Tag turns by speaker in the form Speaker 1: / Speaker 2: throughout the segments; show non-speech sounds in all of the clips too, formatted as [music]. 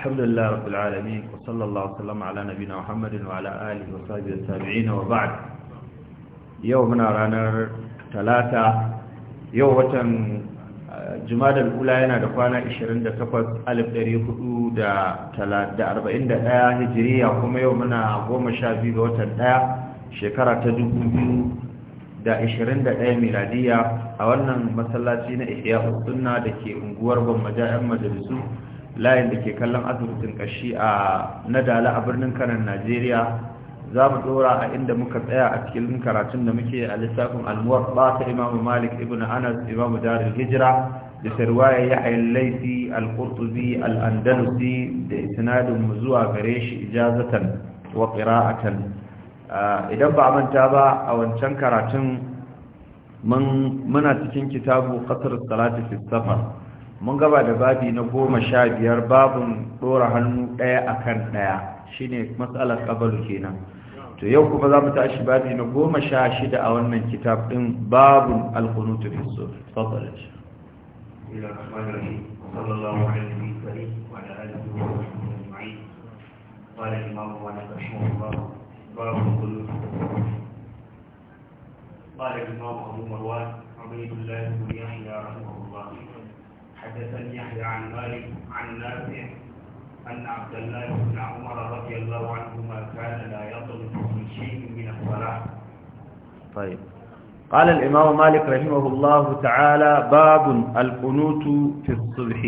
Speaker 1: الحمد لله رب العالمين وصلى الله وسلم على نبينا محمد وعلى آله وصحبه التابعين وبعد يومنا رانا ثلاثة يوم وطن جماد الأولى ينا دقوانا إشرين دقفت ألف دريه دا ثلاثة دا أربعين دا هجرية وكما يومنا قوم شابي بوطن دا شكرة تدوكو da 21 miladiya a wannan masallaci na ihya sunna da ke unguwar gwamnati 'yan majalisu layin da ke kallon asibitin kashi a nadala a birnin kanan najeriya za mu dora a inda muka tsaya a cikin karatun da muke a lissafin almuwar ba ta imamu malik ibn anas imamu darul hijira da sarwaya ya hayin laifi al-qurtubi al-andalusi da isnadin mu zuwa gare shi ijazatan wa qira'atan idan ba manta ba a wancan karatun muna cikin kitabu ƙasar salati fi safar mun gaba da babi na goma sha biyar babin ɗora hannu ɗaya a kan ɗaya shi ne matsalar ƙabalu kenan to yau kuma za mu tashi babi na goma sha shida a wannan kitab ɗin babin alkunutu fi so fadar shi قال الإمام أبو مروان عبيد الله بن يحيى رحمه الله حدثني يحيى عن مالك عن نافع أن عبد الله بن عمر رضي الله عنهما كان لا يطلب من شيء من الصلاة طيب قال الإمام مالك رحمه الله تعالى باب القنوت في الصبح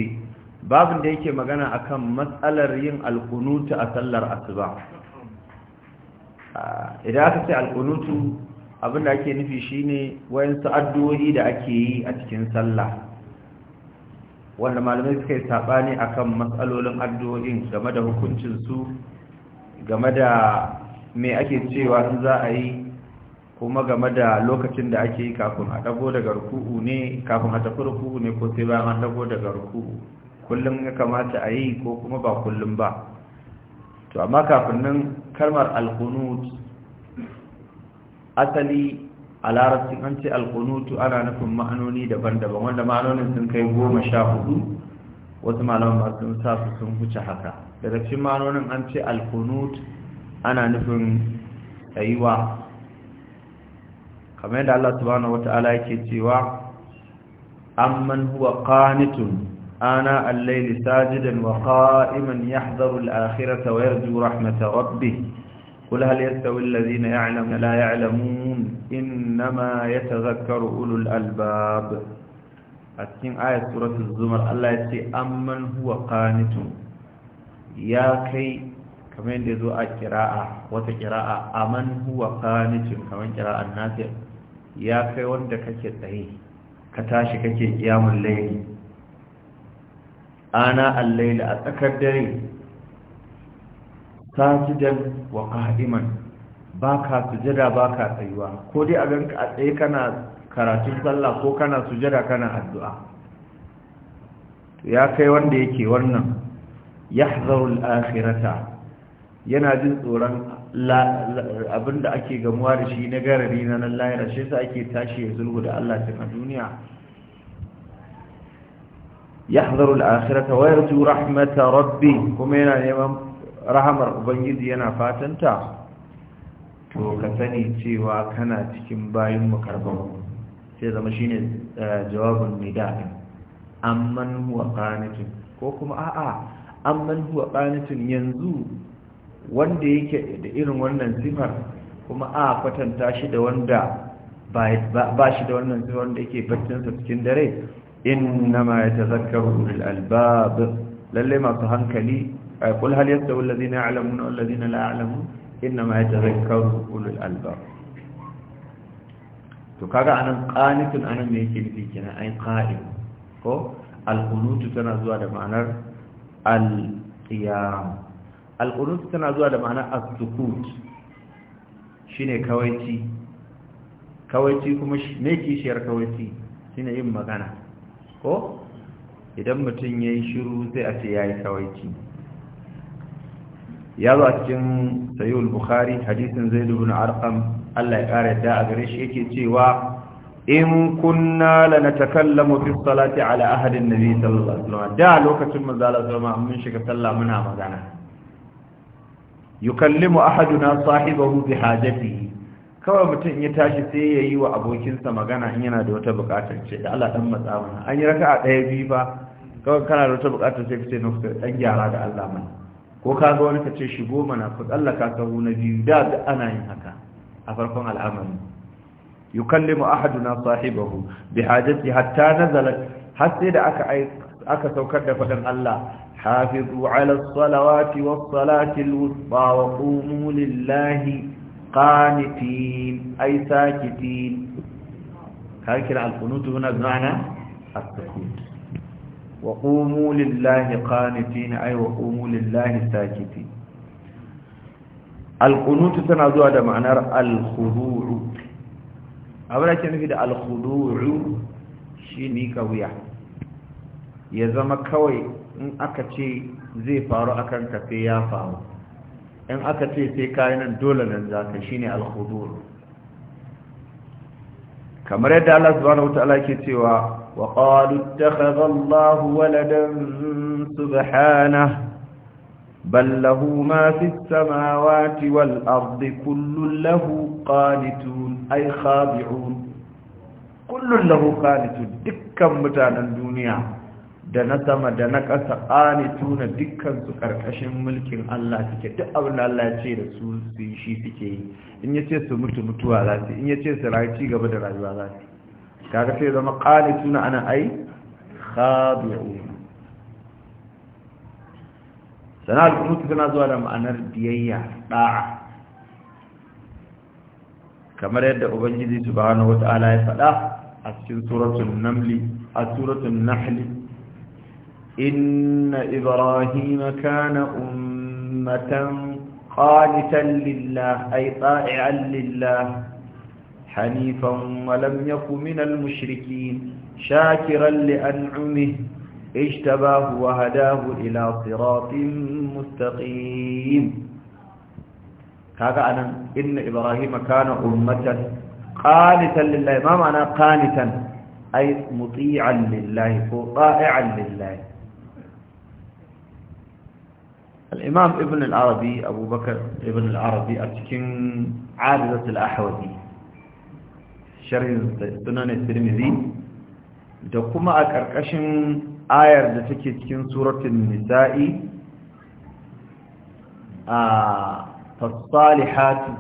Speaker 1: باب da yake magana akan matsalar yin alqunutu a sallar asuba idan aka ce alqunutu abinda ake nufi shine wayansu addu'o'i da ake yi a cikin sallah wanda malamai suka yi saɓani akan matsalolin addu'o'in game da hukuncinsu game da me ake cewa in za a yi kuma game da lokacin da ake yi kafin a dago daga ruku'u ne kafin a tafi ruku'u ne ko sai bayan an dago daga ruku'u kullum ya kamata a yi ko kuma ba kullum ba to amma kafin nan kalmar alkunut asali a larabcin an ce alkunutu ana nufin ma'anoni daban-daban wanda ma'anonin sun kai goma sha hudu wasu malaman masu sa su sun huce haka daga cikin ma'anonin an ce alkunut ana nufin tsayuwa kamar yadda Allah subhanahu wata'ala yake cewa amman huwa qanitun ana al-layli sajidan wa qa'iman yahdharu al-akhirata wa yarju rahmata rabbih قل هل يستوي الذين يعلم لا يعلمون إنما يتذكر أولو الألباب أتكين آية سورة الزمر الله يتي أمن هو قانت يا كي كمين يندزو قراءة وتقراءة أمن هو قانت كمين قراءة الناس يا كي وندك كتاهي كتاشي كتي قيام الليل آناء الليل أتكدري sajidan wa qa'iman ka sujada ba ka tsayuwa ko dai a ganka a tsaye kana karatun sallah ko kana sujada kana addu'a ya kai wanda yake wannan yahzaru al-akhirata yana jin tsoron abinda ake gamuwa da shi na garari na nan shi sa ake tashi ya zulhu da Allah cikin duniya yahzaru al-akhirata wa yarju rahmata rabbi kuma yana neman rahamar ubangiji yana fatanta to ka sani cewa kana cikin bayin makarban sai zama shine eh, jawabin mai amman huwa qanitun ko kuma a'a amman huwa qanitun yanzu wanda yake da irin wannan sifar kuma a kwatanta shi da wanda ba shi da wannan sifar wanda yake baccinsa cikin dare innama yatazakkaru ulul albab lalle masu hankali قل هل يستوي الذين يعلمون والذين لا يعلمون انما يتذكر اولو الالباب to kaga anan qanitun anan me yake nufi kenan ai qa'im ko al-qunut tana zuwa da ma'anar al-qiyam al-qunut tana zuwa da ma'anar as-sukut shine kawaici kawaici kuma me kishiyar kawaici shine yin magana ko idan mutum yayin shiru sai a ce yayi kawaici ya zo a cikin sayul bukhari hadisin zaid ibn arqam Allah ya kare da a gare shi yake cewa in kunna lanatakallamu fi salati ala ahadi nabi sallallahu alaihi wasallam da lokacin manzo Allah sallallahu alaihi mun shiga sallah muna magana yukallimu ahaduna sahibahu bi hajatihi kawai mutum ya tashi sai ya yi wa abokinsa magana in yana da wata bukatar ce da Allah dan matsa mana an yi raka'a daya biyu ba kawai kana da wata bukatar sai ka ce na dan gyara da Allah mana ko ka ga wani ka ce shigo mana ku tsallaka sahu na biyu da da ana yin haka a farkon al'amari yukallimu ahaduna sahibahu bi hajati hatta nazalat har sai da aka aka saukar da fadan Allah hafizu ala salawati was salati al-wusta wa qumu lillahi qanitin ay sakitin ka kira al-qunut huna as-sukun wa qumu lillahi qanitin ay wa qumu lillahi sakitin alqunut tana zuwa da ma'anar alkhudu'u abin da ke nufi da alkhudu'u shine kawiya ya zama kawai in aka ce zai faru akan ka sai ya faru in aka ce sai kayan nan dole nan zaka shine alkhudu'u kamar yadda Allah subhanahu wataala ke cewa وقالوا اتخذ الله ولدا سبحانه بل له ما في السماوات والأرض كل له قانتون أي خاضعون كل له قانتون دكا متانا الدنيا دنسم دنكس قانتون دكا سكر كشم ملك الله تكي تأبن الله يتشي رسول سيشي تكي إن يتشي سمت متوى ذاتي إن يتشي سرعي تيغ بدر عيوى ذاتي kaga sai zama qanituna ana ai khadi'un sana al-qunut tana zuwa da ma'anar biyayya da'a kamar yadda ubangiji subhanahu wata'ala ya faɗa a cikin suratul namli a suratul nahl inna ibrahim kana ummatan qanitan lillah ay ta'ian lillah حنيفا ولم يك من المشركين شاكرا لأنعمه اجتباه وهداه إلى صراط مستقيم هذا أنا إن إبراهيم كان أمة قانتا لله ما معنى قانتا أي مطيعا لله طائعا لله الإمام ابن العربي أبو بكر ابن العربي أتكن عادة الأحوذي sharhin sunan tirmidhi da kuma a ƙarƙashin ayar da take cikin suratun nisa'i a fasalihatu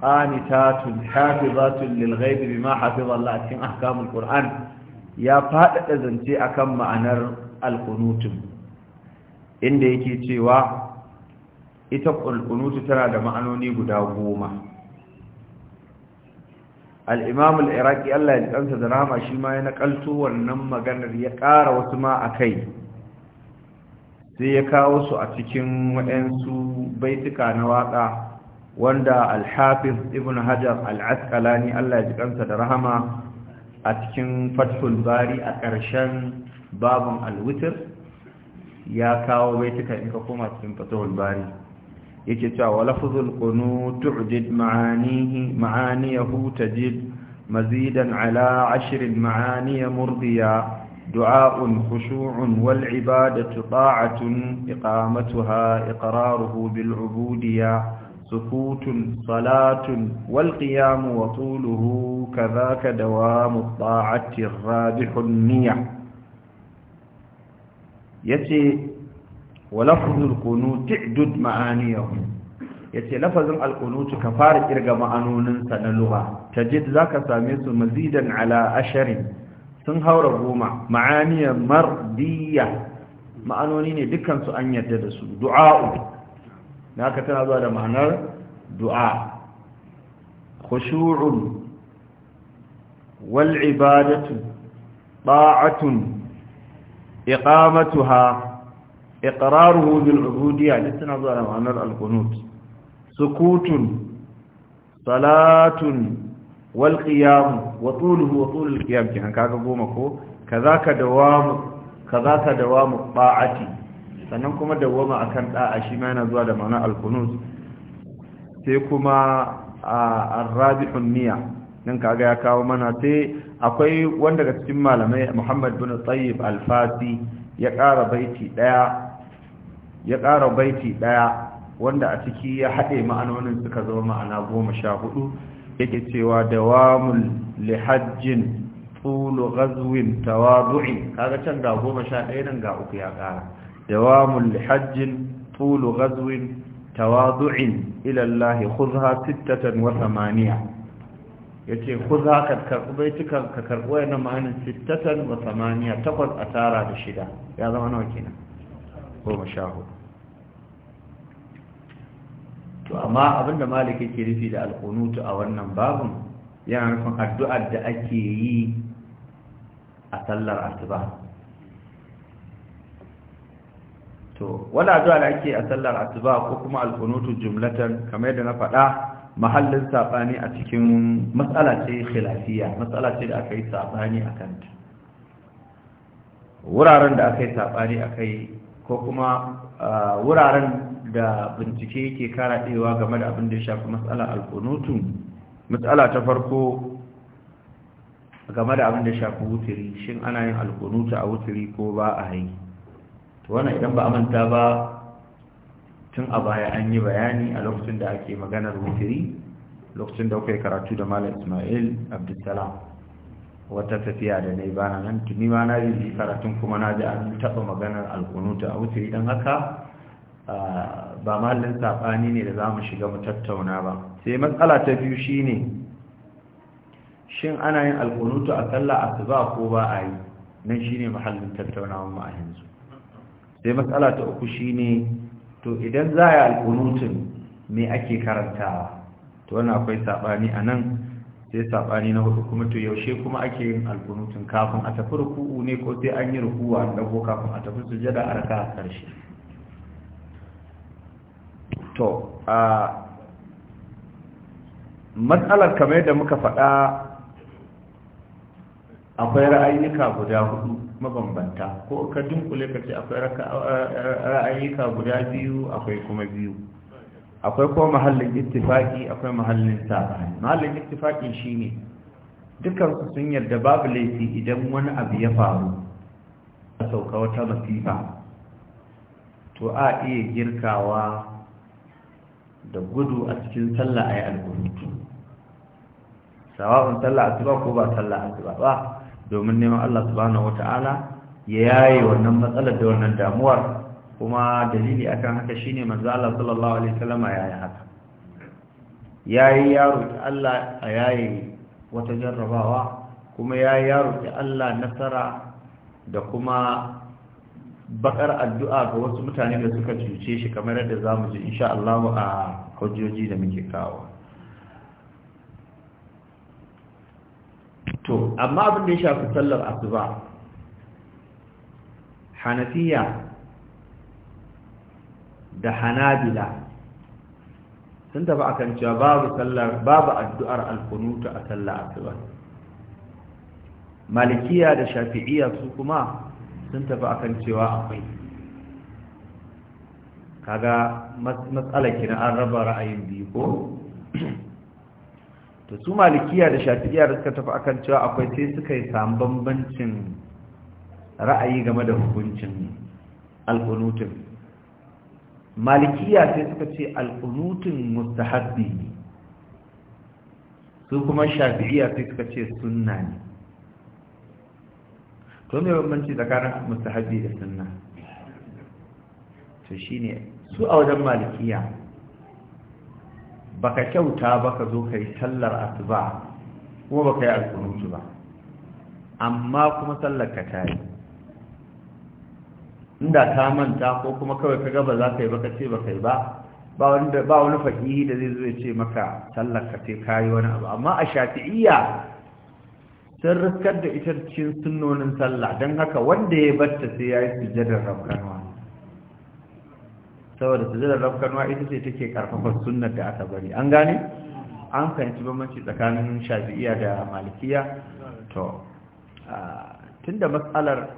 Speaker 1: qanitatun hafizatun lil bima hafiza Allah a cikin ahkamul qur'an ya faɗaɗa zance akan ma'anar alqunutun inda yake cewa ita alqunutu tana da ma'anoni guda goma al-imam Allah ya kansa da rahama shi ma ya nakalto wannan maganar ya ƙara wasu ma a kai sai ya kawo su a cikin waɗansu baituka na waƙa wanda alhafiz ibn hajar al Allah ya kansa da rahama a cikin fathul bari a ƙarshen baban al ya kawo baituka in ka koma cikin fathul bari yake cewa lafzul qunu tu'did ma'anihi ma'aniyahu tajid mazidan ala 10 ma'aniya murdiya du'a'un khushu'un wal ibadatu ta'atun iqamatuha iqraruhu bil 'ubudiyya sukutun salatun wal qiyamu wa tuluhu kadhaka dawamu ta'ati rabihun niyya yace wa lafzul qunut ta'dud ma'aniyahu yace lafazin alqunut ka fara kirga na sa na jid za zaka same su mazidan ala asharin sun haura goma ma'aniya mardiya ma'anoni ne dukkan an yarda da su du'a'u naka tana zuwa da ma'anar du'a khushu'un wal ibadatu ta'atun iqamatuha iqraruhu bil ubudiyya duk suna zuwa da ma'anar al-qunut sukutun salatun wal qiyam wa tuluhu wa tulul qiyam kin kaga goma ko kazaka dawamu kazaka dawamu ta'ati sannan kuma dawama akan da'a shi ma yana zuwa da ma'anar al-qunut sai kuma ar-rabihun niyya nan kaga ya kawo mana sai akwai wanda daga cikin malamai Muhammad bin Tayyib al-Fasi ya ƙara baiti ɗaya. ya ƙara baiti ɗaya wanda a ciki ya haɗe ma'anonin suka zama ma'ana goma sha hudu yake cewa dawamul lihajjin tsulu gazwin tawadu'i kaga can ga goma sha ɗaya nan ga uku ya ƙara dawamul lihajjin tsulu gazwin tawadu'in ila Allah khudha sittatan wa thamaniya yace khudha ka karɓi baitukan ka karɓi wayannan ma'anin sittatan wa thamaniya takwas a tara da shida ya zama nawa kenan goma sha hudu to amma abinda malik yake rufi da alkunutu a wannan babun yana nufin addu'ar da ake yi a sallar asuba to wala addu'a da ake a sallar asuba ko kuma alkunutu jumlatan kamar yadda na faɗa mahallin sabani a cikin mas'ala ce khilafiya mas'ala ce da aka yi sabani a kanta, wuraren da aka yi sabani kai, ko kuma ah, wuraren da bincike yake karaɗewa game da abin da ya shafi matsala alkunutu matsala ta farko game da abin da ya shafi wuturi shin ana yin alkunutu a wuturi ko ba a yi wannan idan ba a manta ba tun a baya an yi bayani a lokacin da ake maganar wuturi lokacin da kuka karatu da malam ismail abdulsalam wata tafiya da nai yi bana nan tuni ma na yi karatun kuma na ji an taɓa maganar alkunutu a wuturi don haka ba mahallin saɓani ne da za mu shiga mu tattauna ba sai matsala ta biyu shine shin ana yin alkunutu a sallah asuba ko ba a yi nan shine mahallin tattaunawa mu a yanzu sai matsala ta uku shine to idan za a yi alkunutun me ake karanta? to wannan akwai saɓani a nan sai saɓani na hudu kuma to yaushe kuma ake yin alkunutun kafin a tafi ruku'u ne ko sai an yi ruku'u an dago kafin a tafi sujada a raka a ƙarshe to a matsalar kamar da muka faɗa akwai ra'ayyuka guda hudu mabambanta ko ka dunkule ka ce akwai ra'ayyuka guda biyu akwai kuma biyu akwai kuma mahallin ittifaki akwai mahallin sabani mahallin ittifaki shine dukkan su sun yarda babu laifi idan wani abu ya faru a sauka wata masifa to a iya girkawa da gudu a cikin sallah a yi alkunutu sawa'un sallah asuba ko ba sallah asuba ba domin neman Allah subhanahu wata'ala ya yaye wannan matsalar da wannan damuwar kuma dalili akan haka shine manzo Allah sallallahu alaihi wasallam ya yi haka yayi yaro ta Allah a yaye wata jarrabawa kuma yayi yaro ta Allah nasara da kuma bakar addu'a ga wasu mutane da suka cuce shi kamar yadda za mu ji insha Allah a hujjoji da muke kawo to amma abin da ya shafi sallar asuba hanafiya da hanabila sun tafi akan cewa babu sallar babu addu'ar alkunuta a sallar asuba malikiya da shafi'iya su kuma sun tafi akan cewa akwai kaga matsalar kina an raba ra'ayin biyu ko to su malikiya da shafi'iya da suka tafi akan cewa akwai sai suka yi samu bambancin ra'ayi game da hukuncin alkunutun malikiya sai suka ce alkunutun mustahabbi su kuma shafi'iya sai suka ce sunna ne to me bambanci tsakanin mustahabi da sunna to shine su a wajen malikiya baka kyauta baka zo kai sallar asuba kuma baka yi alkunutu ba amma kuma sallar ka tayi inda ta manta ko kuma kawai ka ba za ka yi baka ce baka yi ba ba wani faƙi da zai zo ya ce maka sallar ka sai kayi wani abu amma a shafi'iyya sun riskar da ita cikin sunnonin sallah don haka wanda ya batta sai ya yi sujadar rafkanwa saboda sujadar rafkanwa ita ce take karfafa sunnar da aka bari an gane an fahimci bambanci tsakanin shafi'iya da malikiya to tunda matsalar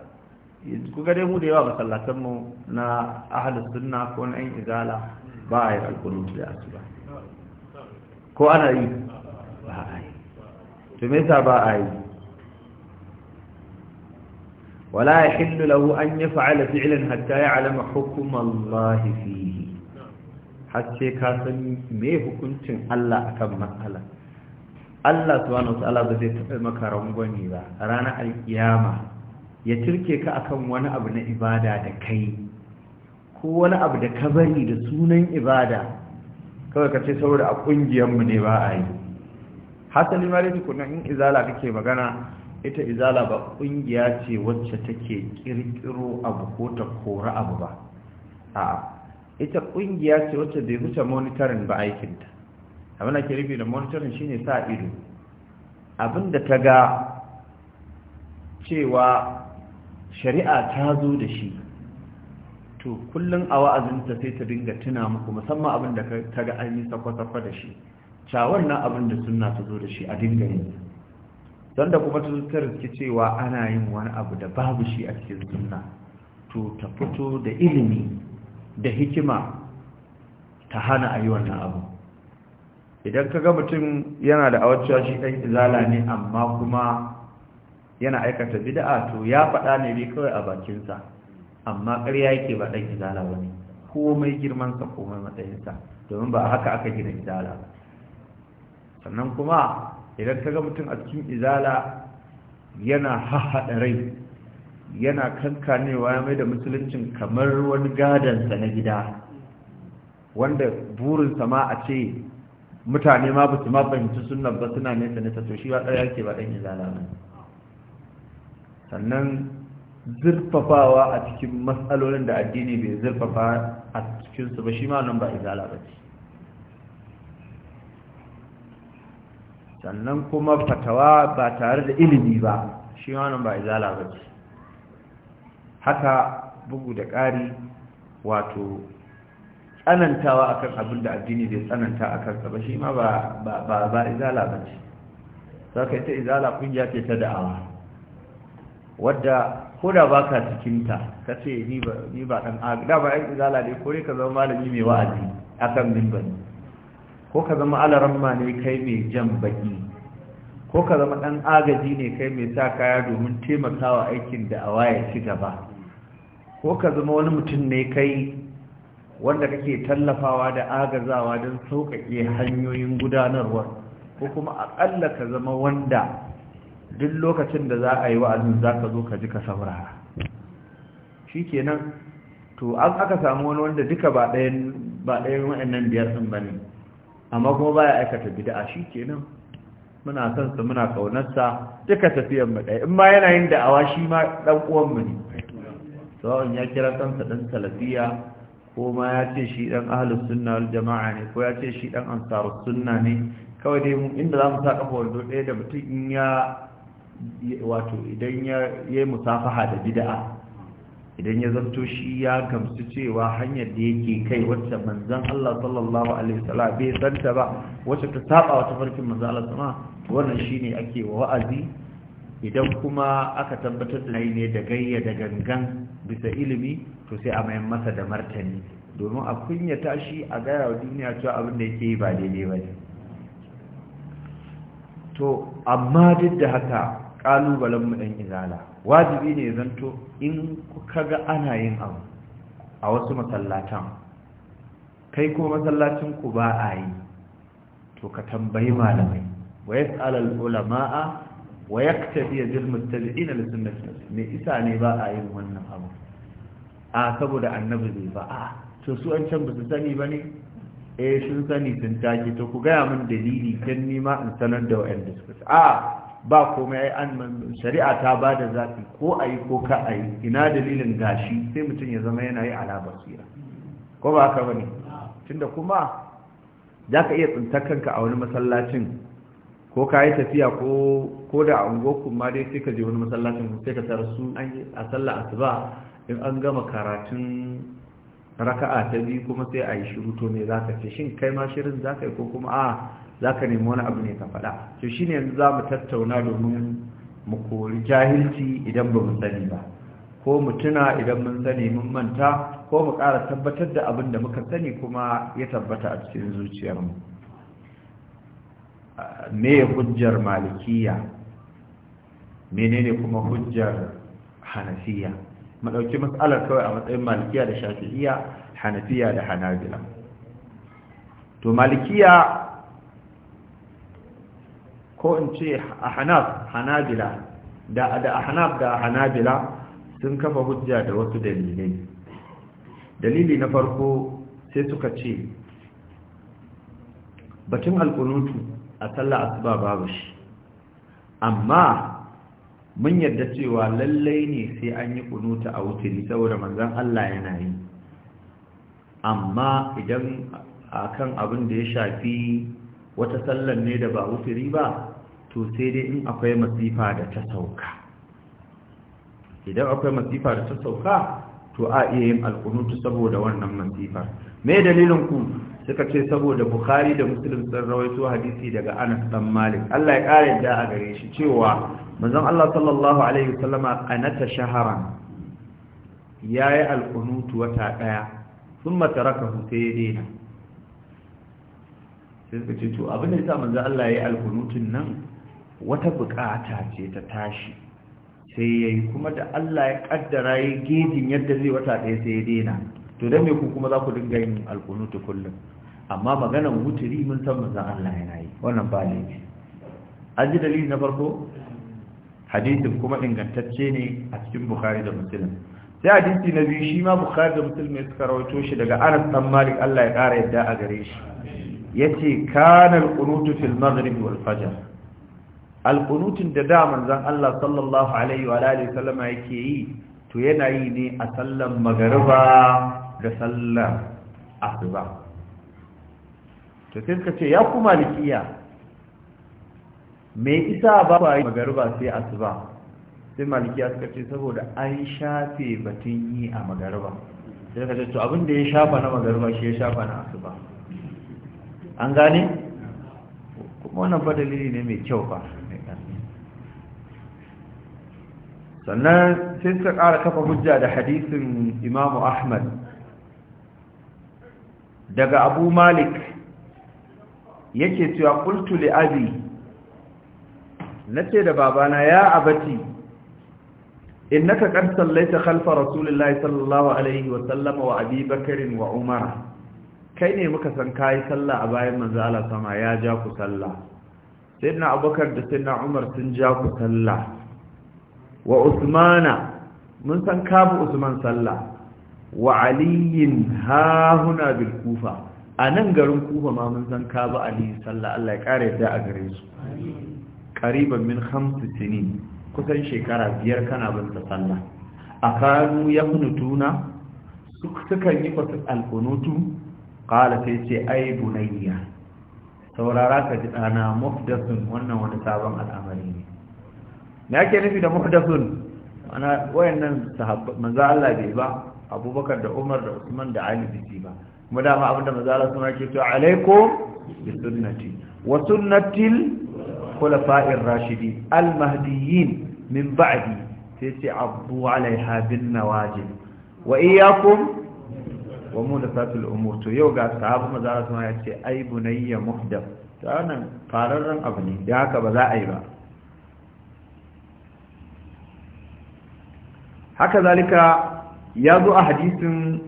Speaker 1: ku gare mu da yawa masallatanmu na ahalus sunna ko na yan izala ba a yi alkunutu da asuba ko ana yi ba a yi to me yasa ba a yi ولا يحل له أن يفعل فعلا حتى يعلم حكم الله فيه حتى كان مي حكمتين الله كما قال الله سبحانه وتعالى بزي مكرم غني با رانا القيامه ya turke ka akan wani abu na ibada da kai ko wani abu da ka bari da sunan ibada kawai ka ce saboda a kungiyarmu ne ba a yi hasali ma dai tukuna in izala kake magana ita izala ba kungiya ce wacce take kirkiro abu ko ta kora abu ba a ita kungiya ce wacce bai wuce monitoring ba aikinta abin da ke rufe da monitoring shine sa ido Abin da ta ga cewa shari'a ta zo da shi to kullum a wa'azinta sai ta dinga tuna muku musamman da ta ga an yi sakwa-sakwa da shi cawar na da suna ta zo da shi a dinga yanzu. don da kuma ta ke cewa ana yin wani abu da babu shi a cikin suna, to ta fito da ilimi da hikima ta hana a yi wannan abu idan ka ga mutum yana da awacewa shi ɗan izala ne amma kuma yana aikata bida'a, to ya faɗa ne dai kawai a bakinsa amma ƙarya yake ba ɗan izala ba ne komai girmansa komai matsayinsa domin ba haka aka gina izala sannan kuma idan ka ga mutum a cikin izala yana hahaɗa rai yana kankanewa ya mai da musuluncin kamar wani gadansa na gida wanda burinsa ma a ce mutane ma ba ma fahimci sunan ba suna nesa nesa to shi ba ɗaya ke ba ɗan izala ba sannan zurfafawa a cikin matsalolin da addini bai zurfafa a cikinsu ba shi ma nan ba izala ba ce sannan kuma fatawa ba tare da ilimi ba shi wannan ba izala ba ce haka bugu da ƙari wato tsanantawa akan abin da addini bai tsananta a kansa ba shi ma ba izala ba ce za ka yi ta izala kungiya ce ta da'awa wadda ko da ba ka cikinta ka ce ni ba ɗan da ba yan izala ne kore ka zama malami mai wa'azi akan mimbani ko ka zama alaramma ne kai mai jan baki ko ka zama ɗan agaji ne kai mai sa kaya domin taimakawa aikin da awa ya ci gaba ko ka zama wani mutum ne kai wanda kake tallafawa da agazawa don sauƙaƙe hanyoyin gudanarwa ko kuma aƙalla ka zama wanda duk lokacin da za a yi wa'azin za ka zo ka ji ka saurara shi kenan to an aka samu wani wanda duka ba ɗayan wa'annan biyar ɗin ba ne amma kuma baya aikata bid'a shikenan muna son sa muna kaunarsa duka tafiyar mu ɗaya in ma yana yin da'awa shi ma dan uwan mu ne sawa'un ya kira sa dan salafiya ko ma ya ce shi dan ahlus sunna wal jama'a ne ko ya ce shi dan ansarus sunna ne kawai dai mun inda zamu sa kafa wando ɗaya da mutum in ya wato idan ya yi musafaha da bid'a idan ya zanto shi ya gamsu cewa hanyar da yake kai wacce manzan Allah sallallahu alaihi wasallam bai santa ba wacce ta saba wata farkin manzan Allah sama wannan shine ake wa wa'azi idan kuma aka tabbatar da ne da gayya da gangan bisa ilimi to sai a mayan masa da martani domin a kunyata shi a gaya wa duniya cewa abin da yake yi ba daidai ba ne to amma duk da haka kalubalen mu dan izala wajibi ne zanto in kuka ga ana yin abu a wasu masallatan kai kuma masallacin ku ba a yi to ka tambayi malamai wa yas'alul ulama'a wa yaktabi bil muttabi'ina li sunnati ne isa ne ba a yin wannan abu a saboda annabi zai ba a to su an can ba su sani bane eh sun sani sun taki to ku gaya min dalili kan nima in sanar da wa'anda suka a ba komai an shari'a ta ba da zafi ko a yi ko ka a yi ina dalilin gashi sai mutum ya zama yana yi ala basira ko ba haka bane tunda kuma za ka iya tsintar kanka a wani masallacin ko ka yi tafiya ko da a ma dai sai ka je wani masallacin sai ka tara su a sallah asuba in an gama karatun raka'a ta biyu kuma sai a yi shiru to me za ka ce shin kai ma shirin za ka yi ko kuma a za ka nemi wani abu ne ka faɗa to shi ne za mu tattauna domin mu kori jahilci idan ba mu sani ba ko mu tuna idan mun sani mun manta ko mu ƙara tabbatar da abin da muka sani kuma ya tabbata a cikin zuciyarmu me hujjar malikiya menene kuma hujjar hanafiya mu ɗauki matsalar kawai a matsayin malikiya da shafi'iya hanafiya da hanabila to malikiya ko in ce a hanaf hanabila da da ahnaf da hanabila sun kafa hujja da wasu dalilai dalili na farko sai suka ce batun alkunutu a sallah asuba babu shi amma mun yarda cewa lallai ne sai an yi kunuta a wuturi saboda manzon Allah yana yi amma idan akan abin da ya shafi wata sallar ne da ba wuturi ba to sai dai in akwai masifa da ta sauka idan akwai masifa da ta sauka to a iya yin alkunutu saboda wannan masifa me dalilin ku suka ce saboda bukari da musulun sun rawaito hadisi daga anas dan malik Allah ya kare da a gare shi cewa manzon Allah sallallahu alaihi wasallama anata shaharan yayi alkunutu wata daya thumma tarakahu sai ya daina sai suka ce to abin da sa manzo Allah yi alkunutun nan wata bukata ce ta tashi sai ya yi kuma da Allah ya kaddara ya gejin yadda zai wata ɗaya sai ya daina to don me ku kuma za ku dinga yin alkunutu kullum amma maganan wuturi mun san manzan Allah yana yi wannan ba ne an ji dalili na farko hadisin kuma ingantacce ne a cikin bukhari da musulun sai hadisi na biyu shi ma bukhari da musulun ya suka rawaito shi daga anas dan malik Allah ya ƙara yadda a gare shi yace kana alqunutu fil maghrib wal fajr alkunutun da da manzan Allah sallallahu alaihi wa alihi sallama yake yi to yana yi ne a sallan magariba da sallan asuba to sai suka ce ya ku malikiya me isa ba ba yi magariba sai asuba sai malikiya suka ce saboda an shafe batun yi a magariba sai suka ce to abin da ya shafa na magariba shi ya shafa na asuba an gane kuma wannan dalili ne mai kyau ba sannan sai suka ƙara kafa hujja da hadisin Imam ahmad daga abu malik yake cewa qultu li abi nace da babana ya abati innaka qad sallaita khalfa rasulillahi sallallahu alaihi wa sallama wa abi bakr wa umar kai ne muka san kai sallah a bayan manzo Allah sama ya ja ku sallah sayyidina abubakar da sayyidina umar sun ja ku sallah wa usmana mun san kabu usman sallah wa aliyin hahuna bil kufa a nan garin kufa ma mun san kabu ali sallah Allah ya kare yadda a gare su qariban min khamsi kusan shekara biyar kana bin ta sallah akanu yakunutuna sukan yi fasil alkunutu qala sai ce ai bunayya saurara ka ji dana wannan wani sabon al'amari ne na ake nufi da muhdathun ana wayannan sahabba manzo Allah bai ba Abubakar da Umar da Usman da Ali bai ba kuma dama da manzo Allah suna ke to alaikum bi sunnati wa sunnatil khulafa'ir rashidin al mahdiyyin min ba'di sai ce abu alaiha bin nawajib wa iyyakum wa muhdathatil umur to yau ga sahabba manzo Allah suna ya ce ai bunayya muhdath fararren abu ne da haka ba za a yi ba haka zalika ya zo a hadisin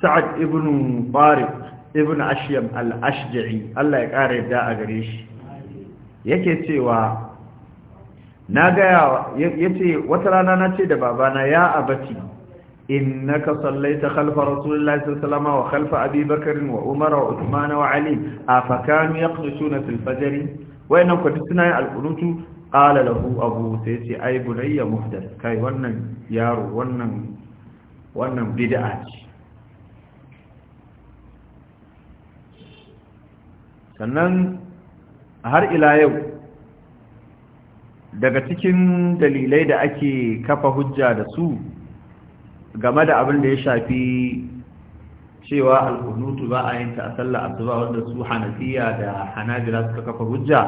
Speaker 1: sa'ad ibn tariq ibn ashyam al Allah ya kare da a gare shi yake cewa na gaya yace wata rana na ce da babana ya abati innaka sallaita khalfa rasulillahi sallallahu alaihi wa khalfa abi bakr wa umar wa uthman wa ali afakanu yaqnutuna fil fajr wa inna kuntum al-qunutu قال له abu sai ce ai bunayya muhdath kai wannan yaro wannan wannan bid'a ce sannan har ila yau daga cikin dalilai da ake kafa hujja da su game da abin da ya shafi cewa alkunutu ba a ta a sallar asuba wanda su hanafiya da hanabila suka kafa hujja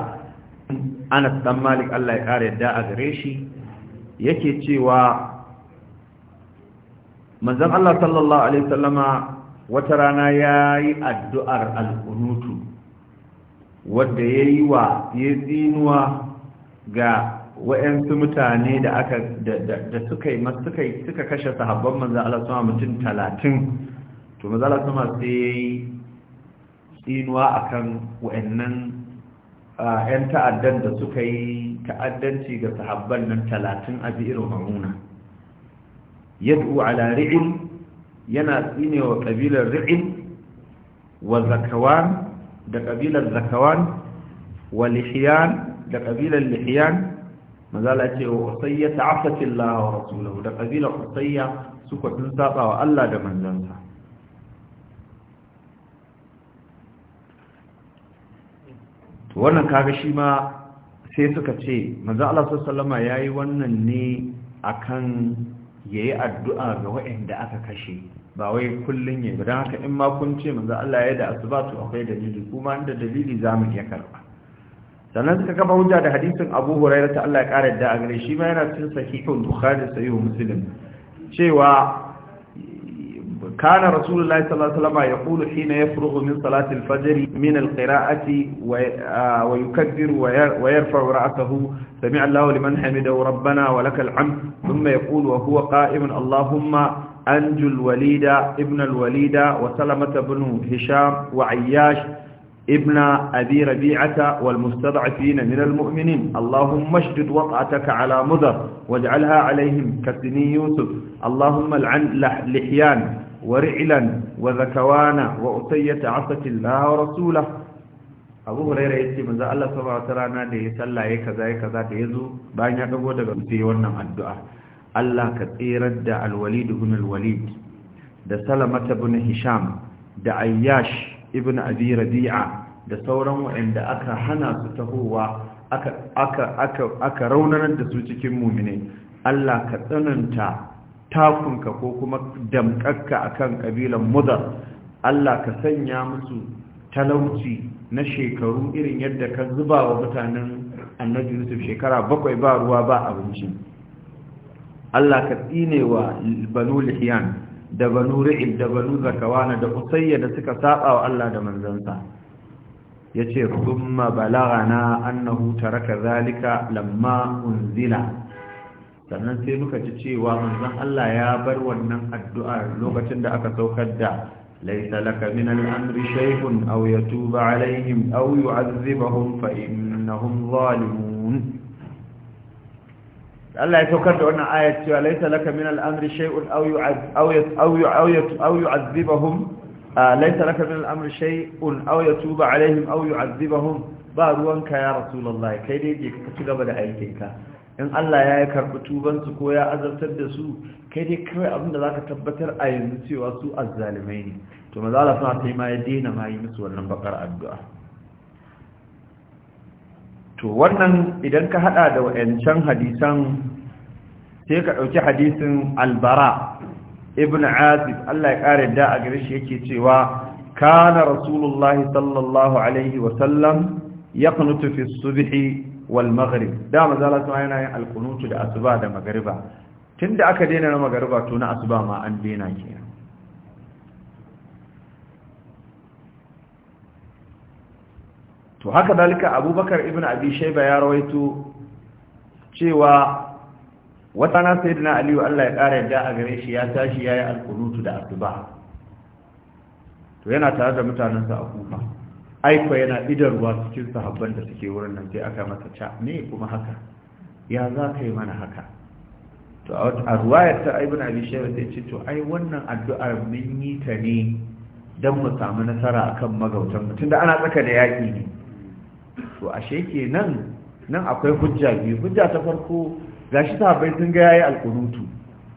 Speaker 1: anas dan malik allah ya kare yadda a gare shi yake cewa manzan allah sallallahu alaihi sallama wata rana ya yi addu'ar al'unutu wadda ya yi wa ya tsinuwa ga wa'yansu mutane da suka yi suka kashe sahabban manzan Allah sama mutum talatin to manzan Allah sama sai yayi tsinuwa akan wa'annan 'yan ta'addan da suka yi ta'addanci ga sahabban nan talatin a bi'irin haruna yad'u ala ri'in yana tsine wa ƙabilar ri'in wa zakawan da ƙabilar zakawan wa lihiyan da ƙabilar lihiyan mazala ce wa usayya ta'afatin lawa rasulahu da ƙabilar usayya suka sun saba wa Allah da manzansa to wannan kaga shi ma sai suka ce manzo Allah sallama yayi wannan ne akan yayi addu'a ga waɗanda aka kashe ba wai kullun yayi ba dan haka in ma kun ce manzo Allah ya da asuba to akwai dalili kuma da dalili zamu iya karba sannan suka kafa hujja da hadisin Abu Hurairah ta Allah ya kare da a gare shi ma yana cikin sahihul Bukhari sahihul Muslim cewa kana rasulullahi sallallahu alaihi wasallam yaqulu hina yafrughu min salati fajari fajr min al-qira'ati wa yukabbiru wa yarfa'u ra'sahu sami'a Allahu liman hamidahu rabbana wa lakal hamd thumma yaqulu wa huwa qa'imun Allahumma أنجو الوليد ابن الوليد وسلمة بن هشام وعياش ابن أبي ربيعة والمستضعفين من المؤمنين اللهم اشدد وطأتك على مضر واجعلها عليهم كسني يوسف اللهم العن لحيان ورعلا وذكوانا وأطية عصت الله ورسوله abu huraira ya ce manzo Allah subhanahu rana da ya salla ya kaza ya kaza da yazo bayan ya dago daga sai wannan addu'a Allah ka tsirar da al-Walid ibn al-Walid da Salamah ibn Hisham da Ayyash ibn Abi Rabi'a da sauran wanda aka hana su tahowa aka aka aka aka raunanar da su cikin mu'mine Allah ka tsananta takunka ko kuma damƙakka akan ƙabilan mudar Allah ka sanya musu talauci na shekaru irin yadda ka zuba wa mutanen annabi yusuf shekara bakwai ba ruwa ba abinci Allah ka tsine wa banu lihiyan da banu Ri'il da banu zakawana da usayya da suka saba wa Allah da manzansa Ya yace kuma balagana annahu taraka zalika lamma unzila sannan sai muka ci cewa manzon Allah ya bar wannan addu'ar lokacin da aka saukar da laisa laka min al-amri shay'un aw yatuba alaihim aw yu'adhibahum fa innahum zalimun Allah ya saukar da wannan ayat cewa laisa laka min al-amri shay'un aw yu'adhibahum ah, laisa laka min al-amri shay'un aw yatuba alaihim aw yu'adhibahum ba ruwanka ya rasulullahi kai dai ka ci gaba da ka in Allah ya yi karɓi tubansu ko ya azabtar da su kai dai kawai abin da za ka tabbatar a yanzu cewa su azzalumai ne to maza a suna ta yi ma ya daina ma yi musu wannan bakar addu'a to wannan idan ka haɗa da wa'yancan hadisan sai ka ɗauki hadisin albara ibn azib Allah ya ƙara da a gare shi yake cewa kana rasulullahi sallallahu alaihi wasallam ya fi subihi wal maghrib da mazala Allah yana yin alqunutu da asuba da magriba tunda aka daina na magriba to na asuba ma an daina kenan to haka dalika abubakar ibn abi shayba ya rawaito cewa wata na sayyidina aliyu Allah ya kara yadda a gare shi ya tashi ya yi alqunutu da asuba to yana tare da mutanansa a kufa aiko yana idarwa cikin sahabban da suke wurin nan sai aka masa ca ne kuma haka ya za ka yi mana haka to a ruwayar ta ibn abi shayba sai ce to ai wannan addu'ar mun yi ta ne don mu samu nasara kan magautan mutum da ana tsaka da yaƙi ne to ashe kenan nan akwai hujja biyu hujja ta farko gashi sahabbai sun ga yayi alƙunutu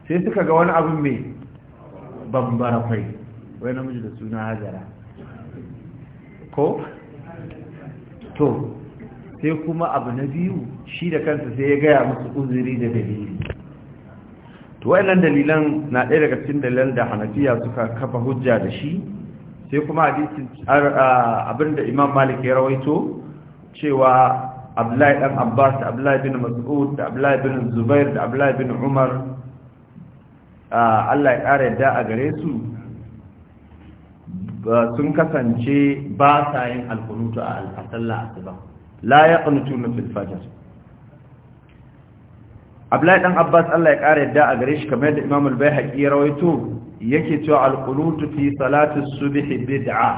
Speaker 1: sai suka ga wani abin mai bambara kai wai namiji da suna hajara ko to sai kuma abu na biyu shi da kansa sai ya gaya musu uzuri da dalili to wayannan dalilan na ɗaya daga cikin dalilan da hanafiya suka kafa hujja da shi sai kuma hadisin abinda imam malik ya rawaito cewa abdullahi dan abbas da abdullahi bin mas'ud da abdullahi bin zubair da abdullahi bin umar Allah ya ƙara yadda a gare su sun kasance ba sa yin alkunutu a alfasalla asuba la yaqnutuna fil fajr Abdullahi dan Abbas Allah ya kare yadda a gare shi kamar yadda imamul bai baihaqi ya rawaito yake cewa alkunutu fi salatu as bi bid'a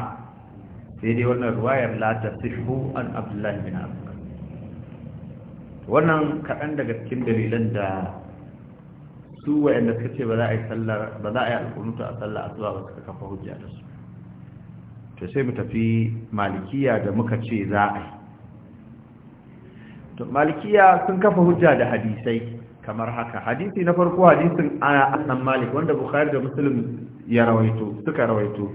Speaker 1: sai dai wannan ruwayar la ta sifu an Abdullah bin Abbas wannan kaɗan daga cikin dalilan da su wayanda suka ce ba za a yi alkunutu a sallah asuba ba suka kafa hujja da su to sai mu tafi malikiya da muka ce za a yi to malikiya sun kafa hujja da hadisai kamar haka hadisi na farko hadisin ana annan malik wanda bukari da muslim ya rawaito suka rawaito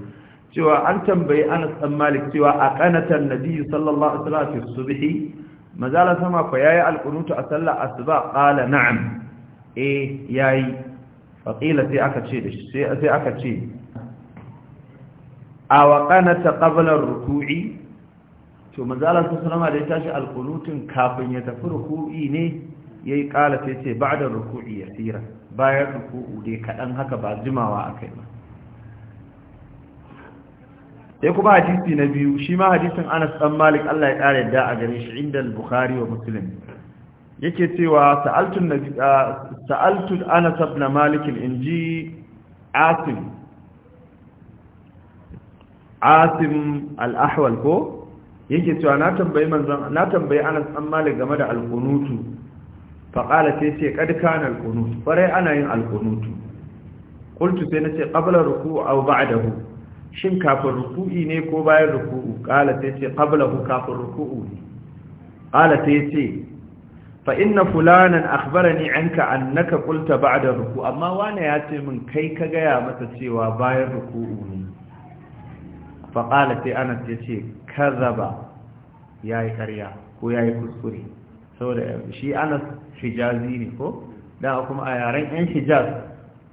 Speaker 1: cewa an tambayi anas dan malik cewa a kanatar nadiyu sallallahu alaihi wasallam fi subhi mazala sama ko yayi alkunutu a sallar asuba qala na'am eh yayi faqila sai aka ce da shi sai aka ce a waƙanata ƙabalar ruku'i to manzala su salama da ya tashi alkunutun kafin ya tafi ruku'i ne ya yi ƙala sai ce ba da ruku'i ya tsira bayan ruku'u dai kaɗan haka ba jimawa a kai ba sai kuma hadisi na biyu shi ma hadisin anas ɗan malik allah ya ƙara yadda a gare shi inda bukhari wa muslim yake cewa sa'altun anas ibn malik in ji asim asim al-ahwal ko yake cewa na tambayi na tambayi Anas an mali game da al-qunutu fa qala sai ce kad kana al-qunut farai ana yin al na qultu sai ruku qabla ruku'u aw ba'dahu shin kafin ruku'i ne ko bayan ruku'u qala sai ce qablahu kafin ruku'u ne qala sai ce fa inna fulanan akhbarani anka annaka qulta ba'da ruku amma wane ya ce min kai ka gaya masa cewa bayan ruku'u ne faƙala sai anas ya ce ba ya yi karya ko ya yi kuskure saboda shi anas hijazi ne ko da kuma a yaren yan hijaz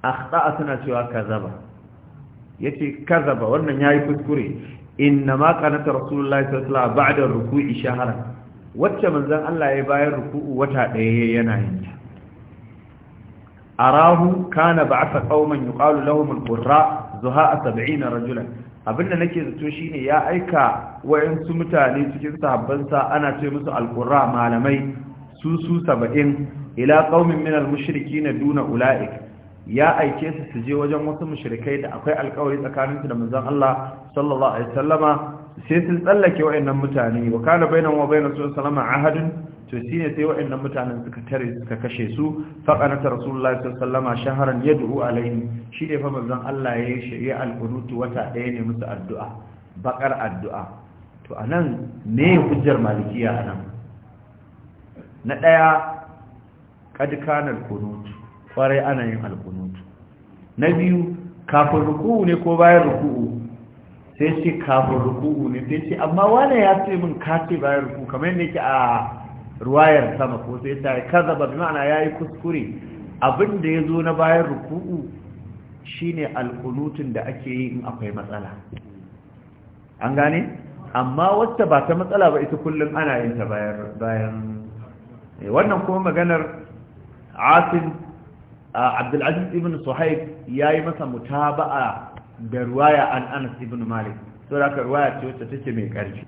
Speaker 1: akhta'a suna cewa ce kaza kazaba wannan yayi kuskure inna ma qanata rasulullahi sallallahu alaihi wasallam ba'da ruku'i shahara wacce manzan Allah ya bayan ruku'u wata daya yana yin ta arahu kana ƙauman qauman yuqalu lahum al zuha zuha'a 70 rajulan abinda nake zato shine ya aika wayansu mutane cikin sahabbansa ana ce musu alqurra malamai su su saba'in ila qaumin mushiriki na duna ulaik ya aike su su je wajen wasu mushrikai da akwai alƙawari tsakaninsu da manzon Allah sallallahu alaihi wasallama sai sun tsallake waɗannan mutane wa kana bainahu wa bainas sallama ahadun to shine sai waɗannan mutanen suka tare suka kashe su ta rasulullahi sallallahu alaihi wasallam shaharan yad'u alaihim shi ne fa manzon Allah ya yi al qunutu wata ɗaya ne musu addu'a bakar addu'a to anan ne hujjar malikiya anan na ɗaya al kunutu kwarai ana yin alkunutu na biyu kafin ruku'u ne ko bayan ruku'u sai shi kafin ruku'u ne sai ce amma wane ya ce min kace bayan ruku'u kamar yadda yake a ruwayar sama ko sai ta kazaba bi ma'ana yayi kuskure abin da zo na bayan ruku'u shine alqunutun da ake yi in akwai matsala an gane amma wacce ba ta matsala ba ita kullum ana yin ta bayan eh, wannan kuma maganar Asim Abdulaziz ibn Suhaib ya yi masa mutaba'a da ruwaya an Anas ibn Malik saboda ruwaya ce wacce take mai ƙarfi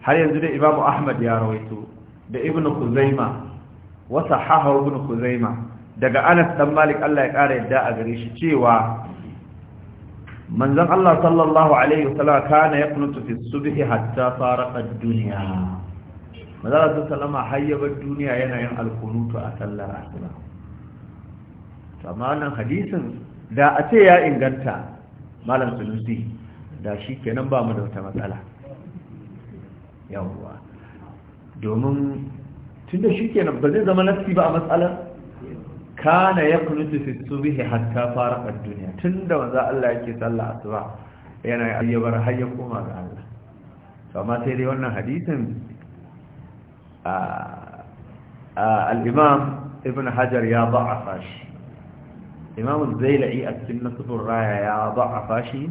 Speaker 1: har yanzu dai Imam Ahmad ya rawaito da ibn kuzaima wasa hahar ibn kuzaima daga anas dan malik Allah ya kara yadda a gare shi cewa manzon Allah sallallahu alaihi wasallam kana yaqnutu fi subh hatta faraqa ad-dunya manzon sallama hayyabar duniya yana yin alkunutu a sallar asuba amma hadisin da a ce ya inganta malam sulusi da shi kenan ba mu da wata matsala yawwa domin tun da shi kenan ba zai zama nassi ba a matsalar kana ya kunu kunutu su subhi hatta fara duniya tun da manzo Allah yake sallah asuba yana ayyabar har ya koma ga Allah amma sai dai wannan hadisin a al-imam ibn hajar ya da'afa fashi. imam az-zailai a cikin nasbur raya ya da'afa fashi.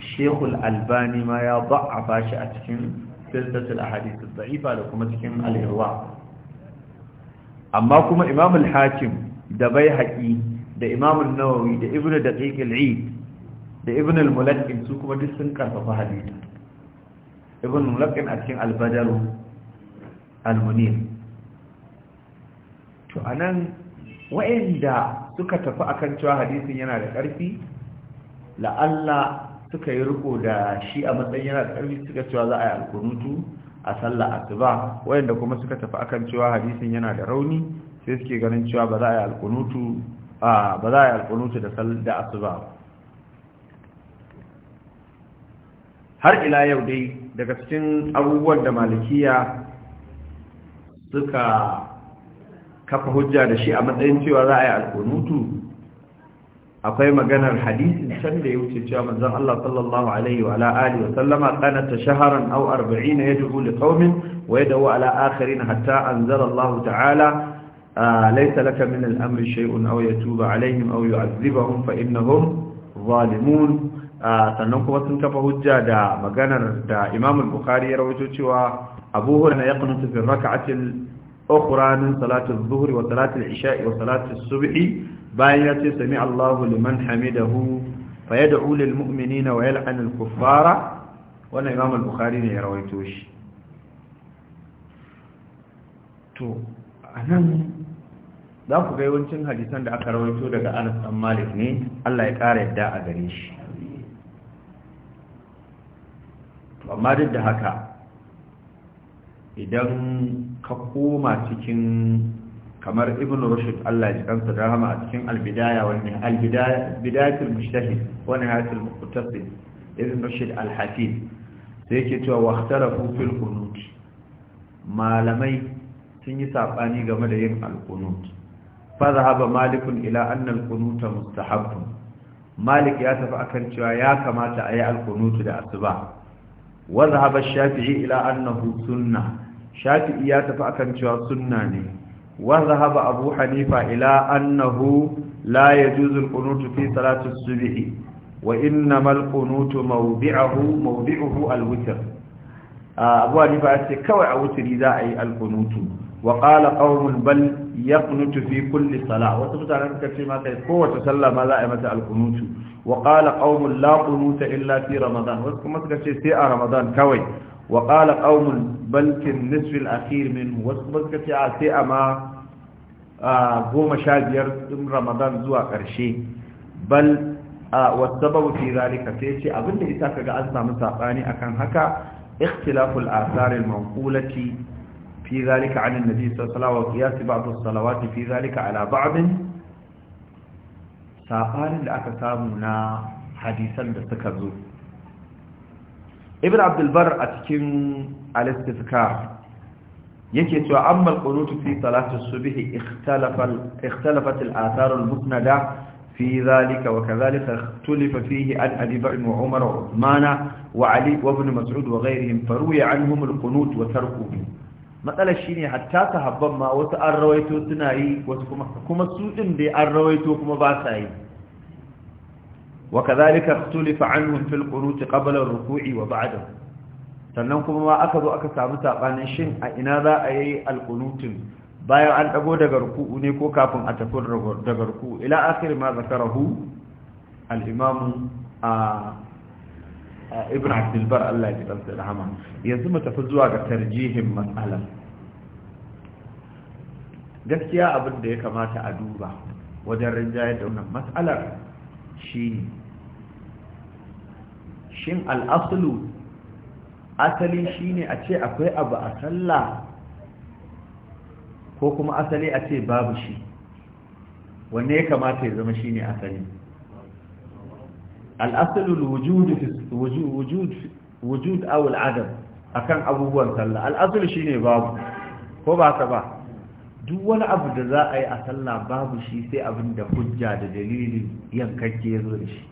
Speaker 1: shekul albani ma ya da'afa fashi a cikin silsilatul ahadith as-da'ifa da kuma cikin al-irwa amma kuma imam al-hakim da baihaqi da imam an-nawawi da ibnu daqiq al-eid da ibnu al-mulaqin su kuma duk sun karfafa hadith ibn al-mulaqin a cikin al badal al-munir to anan wa'anda suka tafi akan cewa hadithin yana da ƙarfi la'alla suka yi riko da shi a matsayin yana karfi suka cewa za a yi alkunutu a sallah asuba wayanda kuma suka tafi akan cewa hadisin yana da rauni sai suke ganin cewa ba za a yi alkunutu a ba za a yi alkunutu da da asuba har ila yau dai daga cikin abubuwan da malikiya suka kafa hujja da shi a matsayin cewa za a yi alkunutu akwai maganar hadisin can da ya wuce cewa manzon Allah sallallahu alaihi wa alihi wa sallama qanata shaharan aw 40 yad'u li qaumin wa yad'u ala akharin hatta anzala Allah ta'ala ah, laysa laka min al-amri shay'un aw yatuba alaihim aw yu'adhibahum fa innahum zalimun ah, sannan kuma sun kafa hujja da maganar da Imam al-Bukhari ya rawaito cewa Abu Hurairah yaqnutu fi rak'atil ukhra min salati adh-dhuhri wa salati al-isha'i wa salati as-subhi bayan ya ce sami Allahu liman hamidahu fa yad'u lil mu'minina wa al kuffara wannan Imam al-Bukhari ne ya rawaito shi to anan za ku ga yawancin hadisan da aka rawaito daga Anas bin Malik ne Allah ya kara yadda a gare shi amma duk da haka idan ka koma cikin kamar ibn rushd Allah ya kansa da rahama a cikin al-bidaya wa al-bidaya bidayatul mujtahid wa nihayatul muqtasid ibn rushd al-hafiz sai yake cewa waqtarafu fil qunut malamai sun yi sabani game da yin al-qunut fa zahaba malik ila anna al-qunut mustahab malik ya tafi akan cewa ya kamata a yi al-qunut da asuba wa zahaba shafi'i ila annahu sunnah shafi'i ya tafi akan cewa sunna ne وذهب أبو حنيفة إلى أنه لا يجوز القنوت في صلاة الصبح وإنما القنوت موضعه موضعه الوتر أبو حنيفة كوع وتري ذاعي القنوت وقال قوم بل يقنت في كل صلاة وتبت على كثير ما قوة صلى ما ذائمة القنوت وقال قوم لا قنوت إلا في رمضان وكما تكتشي سيئة رمضان كوي waƙala qala qaumun bal fi nisf al-akhir min a sai amma goma sha biyar ramadan zuwa ƙarshe bal wasababu fi zalika sai ce abinda isa ga an samu sabani akan haka ikhtilaful athar al-manqulati في ذلك عن النبي صلى الله عليه وسلم وقياس بعض الصلوات في ذلك على بعض ساقان لأكثام نا حديثا لتكذو ibn abdulbar a cikin alistifkar yake cewa ammal qunut fi salatis subh ikhtalafa ikhtalafat al-athar al-musnada fi dhalika wa kadhalika ikhtalafa fihi an abi bakr wa umar wa uthman wa ali wa mas'ud wa ghayrihim faruya anhum al-qunut wa tarkuhu matsalar shine hatta sahabban ma wasu an rawaito suna kuma su din da an rawaito kuma ba yi وكذلك اختلف عنهم في القنوت قبل الركوع وبعده sannan kuma ma aka zo aka samu sabanin shin a ina za a yi alqunutun bayan an dago daga ruku'u ne ko kafin a tafi daga ruku'u ila akhir ma zakarahu al-imam ibn abd al Allah ya tsare rahama yanzu mu tafi zuwa ga tarjihin mas'alan gaskiya abin da ya kamata a duba wajen rinjayar da wannan mas'alar shine shin al'asulu asali shine a ce akwai abu a sallah ko kuma asali a ce babu shi wanne ya kamata ya zama shine asali al'asalul wujud awul adam akan abubuwan sallah al'asul shine babu ko ba ta ba duk wani abu da za a yi a sallah babu shi sai abin da hujja da dalilin yankakke ya zo da shi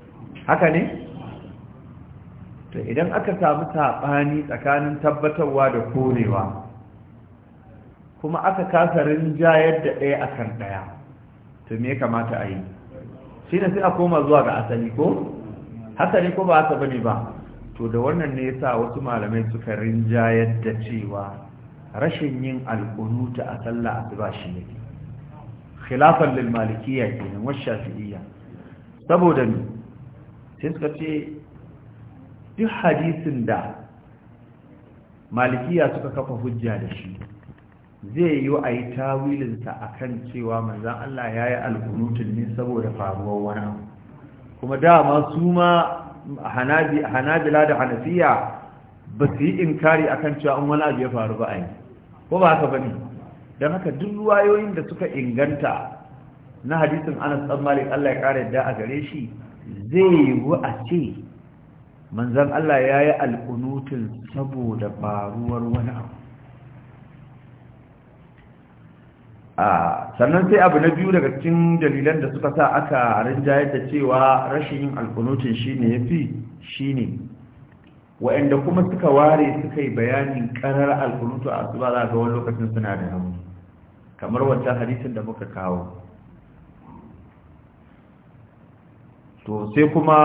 Speaker 1: haka ne to idan aka samu saɓani tsakanin tabbatarwa da korewa kuma aka kasa rinjayar da ɗaya a kan ɗaya to me kamata a yi shi ne sai a koma zuwa ga asali ko haka ko ba haka bane ba to da wannan ne yasa wasu malamai suka rinjayar da cewa rashin yin alƙunuta a sallah asuba shi ne khilafan lil malikiyya kenan wa shafi'iyya saboda ne sai suka ce duk hadisin da malikiya suka kafa hujja da shi zai yi a yi tawilinsa a kan cewa manzan Allah ya yi alkunutun ne saboda faruwar wani kuma dama su ma hanabila da hanafiya ba su yi inkari a kan cewa an wani abu ya faru ba a yi ko ba haka ba ne don haka duk ruwayoyin da suka inganta na hadisin anas ɗan malik Allah ya kare da a gare shi zai yi a ce manzan Allah ya yi alƙunutun saboda faruwar wani abu sannan sai abu na biyu daga cikin dalilan da suka sa aka rinjayar da cewa rashin yin alƙunutun shi ne ya fi shi ne wa'anda kuma suka ware suka yi bayanin ƙarar alƙunutu a su ba za ga wani lokacin suna da hannu kamar wancan hadisin da muka kawo to sai kuma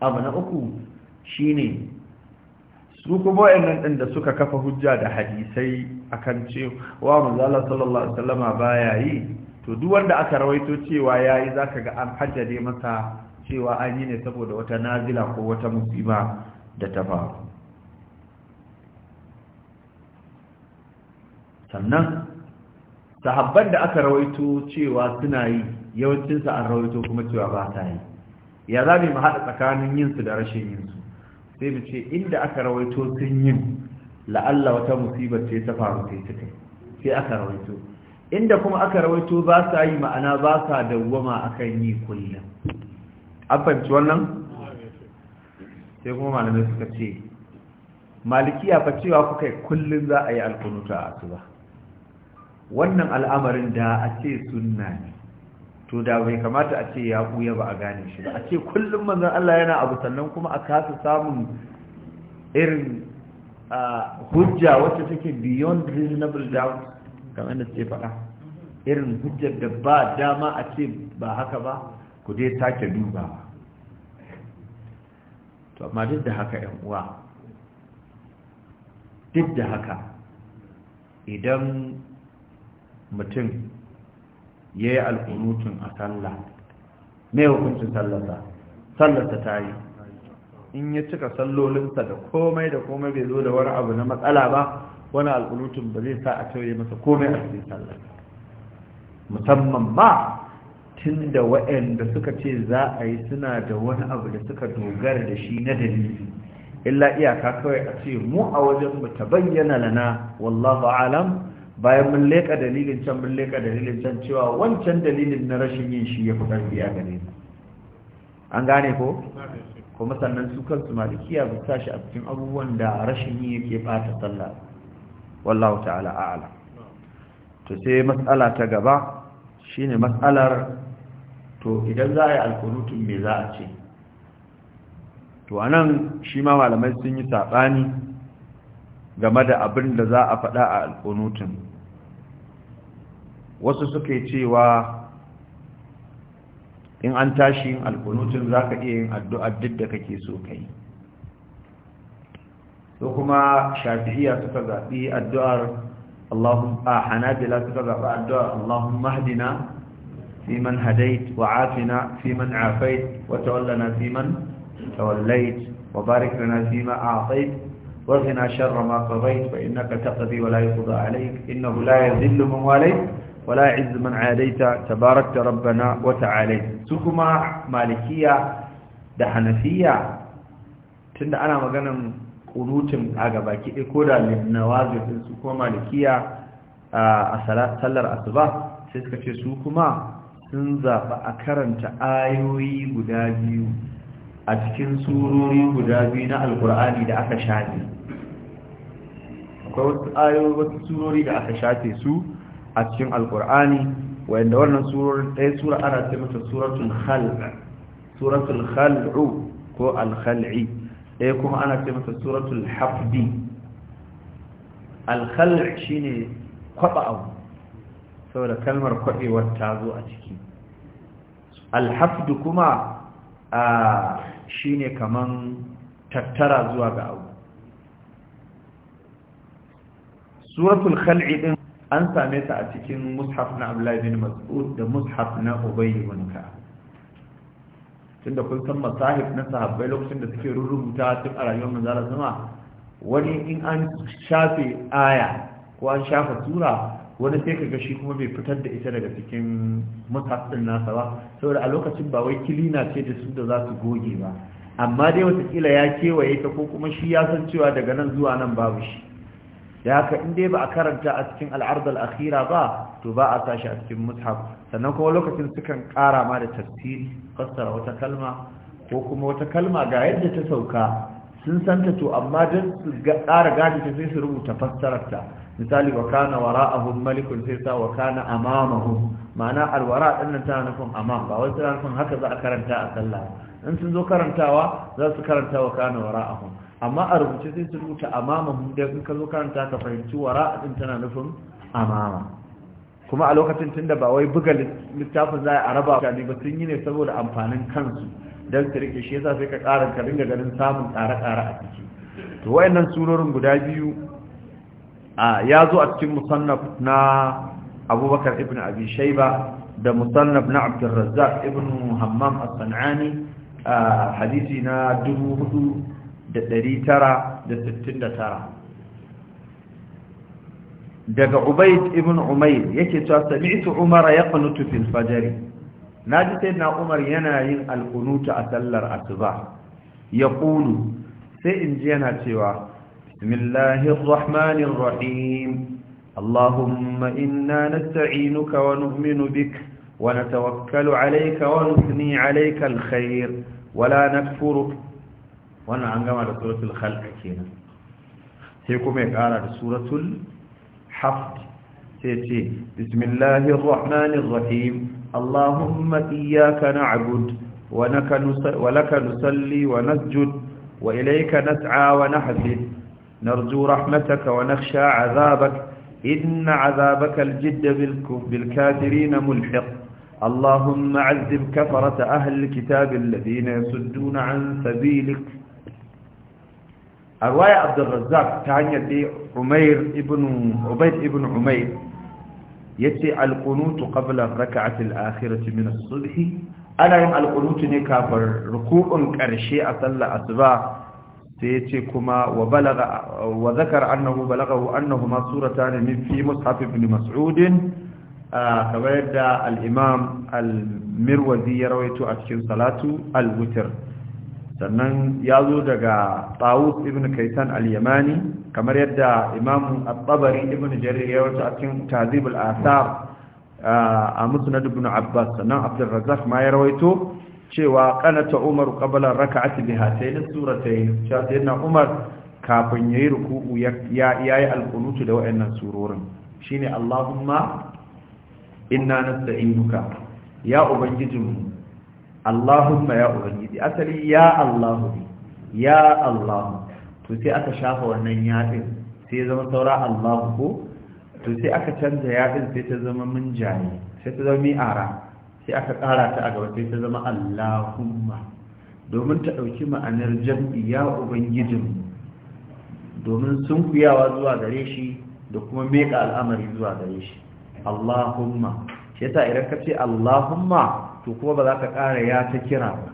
Speaker 1: abu na uku shine su kuma wayannan din da suka kafa hujja da hadisai akan cewa manzala sallallahu alaihi wasallama baya yi to duk wanda aka rawaito cewa yayi zaka ga an hajjade masa cewa an yi ne saboda wata nazila ko wata musiba da ta faru sannan sahabban da aka rawaito cewa suna yi yawancinsa an rawaito kuma cewa ba ta yi ya za mu haɗa tsakanin yinsu da rashin yinsu sai mu ce inda aka rawaito sun yin la'alla wata musibar ce ta faru yi ta kai sai aka rawaito inda kuma aka rawaito ba sa yi ma'ana ba sa dawwama akan yi kullum an fahimci wannan sai kuma malamai suka ce maliki ya fa cewa kuka yi kullum za a yi alkunuta a su ba wannan al'amarin da a ce sunna ne to da bai kamata a ce ya buya ba a gane shi ba a ce kullum manzon Allah yana abu sannan kuma a kasa samun irin hujja wacce take beyond reasonable doubt kamar da ce faɗa irin hujjar da ba dama a ce ba haka ba ku dai take duba. to amma duk da haka ‘yan uwa duk da haka idan mutum ya yi alkunutun a sallah mai hukuncin sallarsa sallata ta yi in ya cika sallolinsa da komai da komai bai zo da wani abu na matsala ba wani alkunutun ba zai sa a tauye masa komai a cikin sallah. musamman ba tun da wa'anda suka ce za a yi suna da wani abu da suka dogara da shi na dalili illa iyaka kawai a ce mu a wajen mu ta bayyana lana wallahu alam bayan mun leka dalilin can mun leka dalilin can cewa wancan dalilin na rashin yin shi ya fi ƙarfi a gare mu an gane ko kuma sannan su kansu malikiya su tashi a cikin abubuwan da rashin yi yake bata sallah wallahu ta'ala a'ala to sai matsala ta gaba shine matsalar to idan za a yi alkunutun me za a ce to anan shi ma malamai sun yi saɓani game da abin da za a faɗa a alkunutun wasu suke cewa in an tashi yin alkunutun za ka iya yin addu'ar duk da kake so ka yi so kuma shafi'iya suka zaɓi addu'ar a hanabila suka zaɓi addu'ar allahun mahdina fi man hadait wa afina fi man afait wa tawallana fi man tawallait wa barik lana fi ma a'tait وارغنا شر ما قضيت فإنك تقضي ولا يقضى عليك إنه لا يذل من واليت ولا عز من عاديت تباركت ربنا وتعاليت سكما مالكية da hanafiya tunda ana maganan kunutun a gabaki ɗaya ko da nawazir din su kuma malikiya a sallar asuba sai suka ce su kuma sun zaɓa a karanta ayoyi guda biyu a cikin surori guda biyu na alkur'ani da aka shafe da aka shafe su a cikin alkur'ani wanda wannan surar ɗaya sura ana ce mata suratul khal'a suratul khal'u ko al-khal'i ɗaya kuma ana ce mata suratul hafdi al shine kwaba abu saboda kalmar kwabewar ta zo a ciki al-hafdu kuma shine kaman tattara zuwa ga abu suratul khal'i din an same ta a cikin mushaf na abdullahi bin mas'ud da mushaf na ubay wanka. tunda kun san masahif na sahabbai lokacin da suke rubuta tun a rayuwar manzala sama wani in an shafe aya ko an shafa sura wani sai kaga shi kuma bai fitar da ita daga cikin mushaf din nasa ba saboda a lokacin ba wai kilina ce da su da za su goge ba amma dai kila ya kewaye ta ko kuma shi ya san cewa daga nan zuwa nan babu shi da haka in dai ba a karanta a cikin al'ardar akhira ba to ba a tashi a cikin mushaf sannan kuma lokacin sukan kara ma da tafsiri fassara wata kalma ko kuma wata kalma ga yadda ta sauka sun santa to amma don su ƙara gadi ta sai su rubuta fassararta misali wa kana wara'ahum malikun sai sa wa kana amamahum ma'ana alwara ɗannan tana nufin amma ba wai tana nufin haka za a karanta a sallah in sun zo karantawa za su karanta wa kana wara'ahum amma a rubuce sai su rubuta amama mu da in ka zo karanta ka fahimci wara din tana nufin amama kuma a lokacin tunda ba wai buga littafin za a raba mutane ba sun yi ne saboda amfanin kansu don su rike shi yasa sai ka ƙara ka dinga ganin samun tsare-tsare a ciki to wayannan surorin guda biyu a ya zo a cikin musannaf na abubakar ibn abi shaiba da musannaf na abdurrazzaq ibn hammam as-sanani hadisi na dubu hudu da ɗari tara da sittin da tara daga ubaid ibn umair yake cewa sami'tu umar ya kunutu fil fajr naji sai na umar yana yin alkunuta a sallar asuba ya kulu sai inji yana cewa bismillahir rahmanir rahim allahumma inna nasta'inuka wa nu'minu bik wa natawakkalu alayka wa nuthni alayka alkhair wala la nakfuruka wannan an gama da suratul khalq kenan sai kuma ya kara da suratul haft sai ce bismillahir rahmanir rahim allahumma iyyaka na'bud wa laka nusalli wa nasjud wa ilayka nas'a wa nahsid
Speaker 2: narju rahmataka wa nakhsha 'adhabaka
Speaker 1: إن عذابك الجد بالكافرين ملحق اللهم عذب كفرة أهل الكتاب الذين يصدون عن سبيلك a ruwaya abdurrazzak ta hanyar da umair ibn ubaid ibn umair yace alqunutu qabla rak'ati al-akhirati min as ana yin alqunutu ne kafar ruku'un karshe a sallar asuba sai yace kuma wa balaga wa zakara annahu balagahu annahuma suratan min fi mushaf ibn mas'ud ah, kamar yadda al-imam al-mirwazi ya rawaito a cikin salatu al-witr sannan ya zo daga Tawus ibn kaitan al-yamani kamar yadda imam al-tabari ibn jarir ya wata a cikin tazib al-asar a musnad ibn abbas sannan abdurrazzaq ma ya rawaito cewa qanata umar qabla rak'ati bi hatayn suratayn cewa sayyidina umar kafin yayi ruku'u ya yayi al-qunut da wayannan surorin shine allahumma inna nasta'inuka ya ubangijinmu Allahumma ya ubangiji asali ya Allahu ya Allahu to sai aka shafa wannan yaɗin sai zama saura Allahu ko to sai aka canza yaɗin sai ta zama mun jaye sai ta zama mi'ara sai aka ƙara ta a gaba sai ta zama Allahumma domin ta ɗauki ma'anar jam'i ya ubangijin domin sun kuyawa zuwa gare shi da kuma meka al'amari zuwa gare shi Allahumma shi yasa idan ka ce Allahumma to kuma ba za ka ƙara ya ta kira ba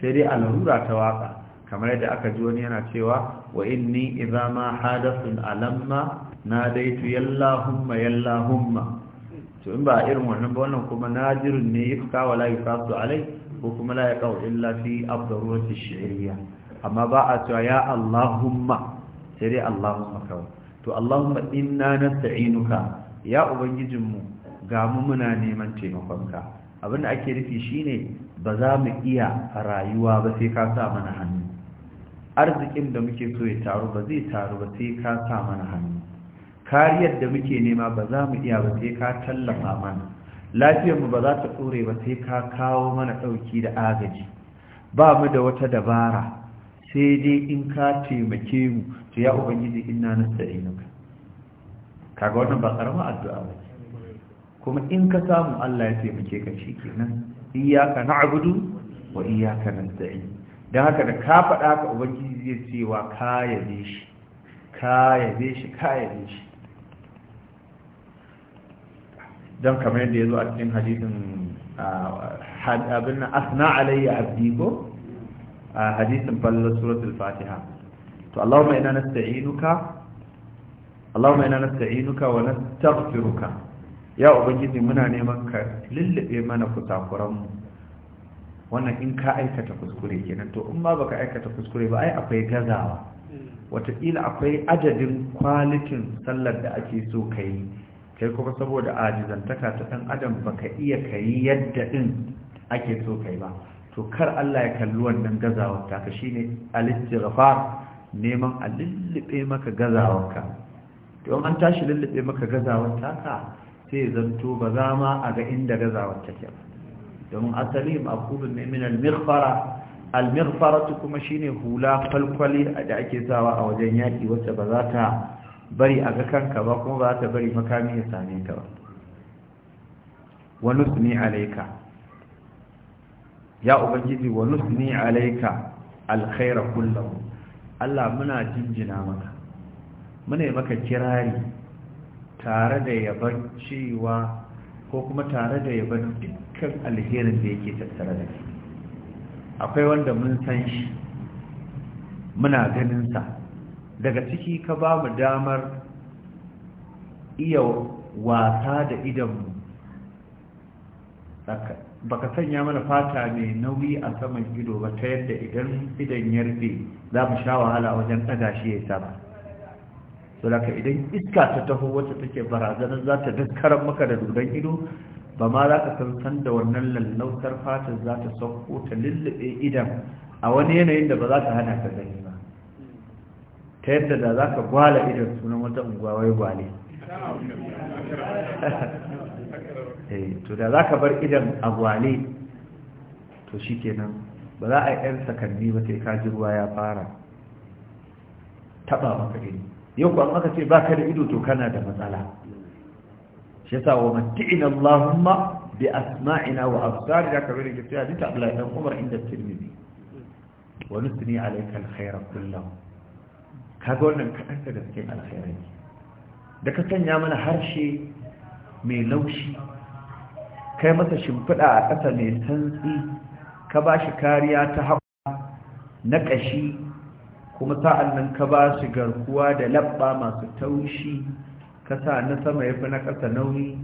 Speaker 1: sai dai alhura ta waka kamar yadda aka ji wani yana cewa wa inni idza ma hadathun alamma nadaitu yallahumma yallahumma to in ba irin wannan ba wannan kuma najirun ne yafka wa la yufasu alai ko kuma la yaqau illa fi afdarurati shi'riyya amma ba a cewa ya allahumma sai dai allahumma kawai to allahumma inna nasta'inuka ya ubangijinmu ga mu muna neman taimakonka abinda ake nufi shine ba za mu iya rayuwa ba sai ka sa mana hannu arzikin da muke so ya taru ba zai taru ba sai ka sa mana hannu kariyar da muke nema ba za mu iya ba sai ka tallafa mana lafiyarmu ba za ta tsore ba sai ka kawo mana ɗauki da agaji ba mu da wata dabara sai dai in ka taimake mu to ya ubangiji inna nasta'inuka kaga wannan ba karamar addu'a ba kuma in ka samu Allah ya taimake ka shi kenan iyyaka na'budu wa iyyaka nasta'in dan haka da ka faɗa ka ubangiji zai cewa ka yabe shi ka yabe shi ka yabe shi dan kamar yadda yazo a cikin hadisin abinna asna alayya abdi ko hadisin falla suratul fatiha to Allahumma inna nasta'inuka Allahumma inna nasta'inuka wa nastaghfiruka ya ubangiji muna neman ka lullube mana kusakuranmu wannan in ka aikata kuskure kenan to in ma baka aikata kuskure ba ai akwai gazawa wataƙila akwai adadin kwalitin sallar da ake so ka yi kai kuma saboda ajizantaka ta ɗan adam baka iya ka yi yadda ɗin ake so kai ba to kar Allah ya kalli wannan gazawar ta ka shine al-istighfar neman a lullube maka ka. to an tashi lullube maka gazawar ta ka sai zanto ba za ma a ga inda gazawar take ba domin asali maqulun ne min al-mighfara al-mighfara kuma shine hula falkwali da ake sawa a wajen yaki wacce ba za ta bari a ga kanka ba kuma ba za ta bari makami ya same ka ba wa nusni alayka ya ubangiji wa nusni alayka alkhaira kullahu Allah muna jinjina maka muna maka kirari tare da yaban cewa ko kuma tare da yaban dukkan alherin da yake tattare da shi akwai wanda mun san shi muna ganinsa daga ciki ka ba mu damar iya wasa da idanmu baka sanya mana fata mai nauyi a saman ido ba ta yadda idan idan yarbe za mu sha wahala wajen ɗaga shi ya saba to da idan iska ta taho wacce take barazanar za ta dukkarar maka da dudan ido ba ma za ka san san da wannan lallautar fatan za ta sauko ta lullube idan a wani yanayin da ba za ta hana ka gani ba ta yadda da za ka gwala idan sunan wata unguwa wai gwale [laughs] eh, to da za ka bar idan a gwale to shi kenan ba za a yi 'yan sakanni ba sai ka ji ruwa ya fara taba maka ido yau kuma aka ce baka da ido to kana da matsala shi yasa wa matti'ina Allahumma bi asma'ina wa absarina kamar yadda ta hadisi Abdullahi dan Umar inda Tirmidhi wa nusni alayka alkhayra kullahu kaga wannan kadan da cikin alkhairai da ka sanya mana harshe mai laushi kai masa shimfiɗa a ƙasa mai santsi ka bashi kariya ta haƙa na ƙashi kuma sa'an nan ka ba shi garkuwa da labba masu taushi ka sa na sama ya fi na ƙasa nauyi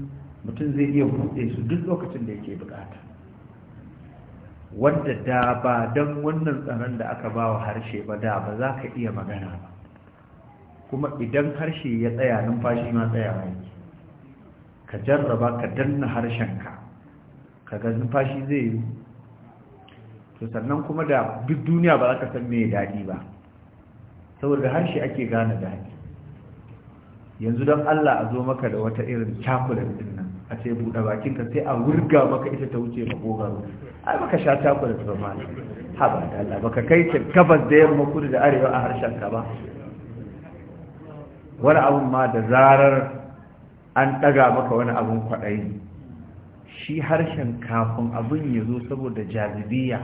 Speaker 1: mutum zai iya buɗe su duk lokacin da yake bukata wanda da ba don wannan tsaron da aka ba wa harshe ba da ba za ka iya magana ba kuma idan harshe ya tsaya numfashi ma tsaya yake ka jarraba ka danna harshenka ka ga numfashi zai yi to sannan kuma da duk duniya ba za ka san me daɗi ba saboda harshe ake gane haƙi yanzu don Allah a zo maka da wata irin chocolate din nan a ce buɗe bakinka sai a wurga maka ita ta wuce makogaro ai baka sha chocolate ba ma haba da Allah baka kai ta gabas da yamma kudu da arewa a harshen ka ba wani abun ma da zarar an ɗaga maka wani abun kwaɗayi shi harshen kafin abin ya zo saboda jazibiya